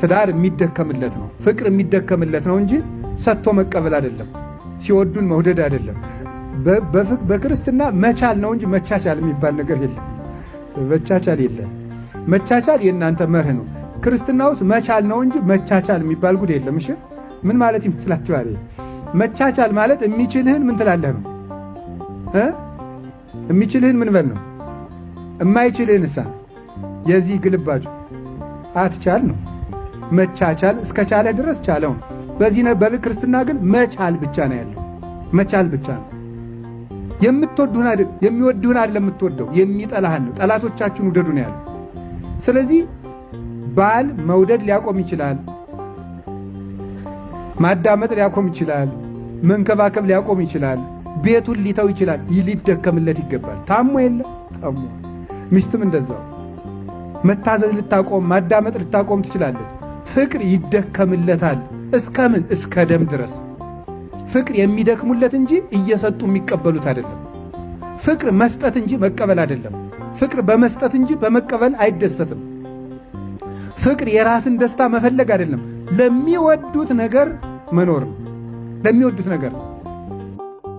ትዳር የሚደከምለት ነው፣ ፍቅር የሚደከምለት ነው እንጂ ሰጥቶ መቀበል አይደለም። ሲወዱን መውደድ አይደለም። በክርስትና መቻል ነው እንጂ መቻቻል የሚባል ነገር የለም። መቻቻል የለም። መቻቻል የእናንተ መርህ ነው። ክርስትና ውስጥ መቻል ነው እንጂ መቻቻል የሚባል ጉድ የለም። እሺ ምን ማለት ይመስላችኋል? መቻቻል ማለት የሚችልህን ምን ትላለህ ነው። የሚችልህን ምን በል ነው። የማይችልህን እሳ የዚህ ግልባጩ አትቻል ነው። መቻቻል እስከቻለ ድረስ ቻለው። በዚህ በክርስትና ግን መቻል ብቻ ነው ያለው። መቻል ብቻ ነው። የምትወዱን አይደል የሚወድህን አይደል የምትወደው የሚጠላህን ነው። ጠላቶቻችሁን ውደዱ ነው ያለው። ስለዚህ ባል መውደድ ሊያቆም ይችላል። ማዳመጥ ሊያቆም ይችላል። መንከባከብ ሊያቆም ይችላል። ቤቱን ሊተው ይችላል። ሊደከምለት ይገባል። ታሞ የለ ታሞ፣ ሚስትም እንደዛው መታዘዝ ልታቆም ማዳመጥ ልታቆም ትችላለች። ፍቅር ይደከምለታል። እስከምን እስከ ደም ድረስ ፍቅር የሚደክሙለት እንጂ እየሰጡ የሚቀበሉት አይደለም። ፍቅር መስጠት እንጂ መቀበል አይደለም። ፍቅር በመስጠት እንጂ በመቀበል አይደሰትም። ፍቅር የራስን ደስታ መፈለግ አይደለም፣ ለሚወዱት ነገር መኖር ለሚወዱት ነገር